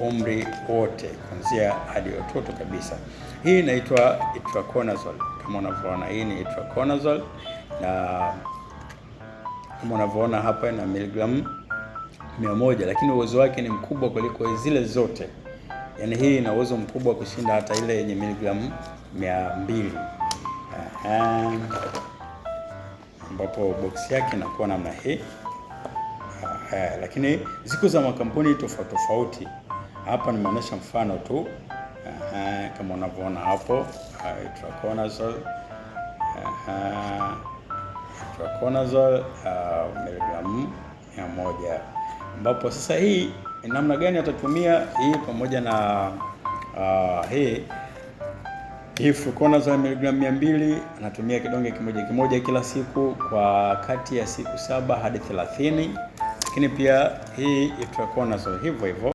umri wote kuanzia hadi watoto kabisa. Hii inaitwa itraconazole kama unavyoona, hii ni itraconazole na kama unavyoona hapa ina miligramu mia moja, lakini uwezo wake ni mkubwa kuliko zile zote. Yaani hii ina uwezo mkubwa kushinda hata ile yenye miligramu mia mbili ambapo boksi yake inakuwa namna hii eh, lakini ziko za makampuni tofauti tofauti. Hapa nimeonyesha mfano tu eh, kama unavyoona hapo eh, ah, eh, Traconazole eh, ah, miligramu mia moja ambapo sasa hii namna gani atatumia hii pamoja na uh, hii hii Fluconazole miligramu mia mbili anatumia kidonge kimoja kimoja kila siku kwa kati ya siku saba hadi thelathini lakini pia hii itakuwa nazo hivyo hivyo.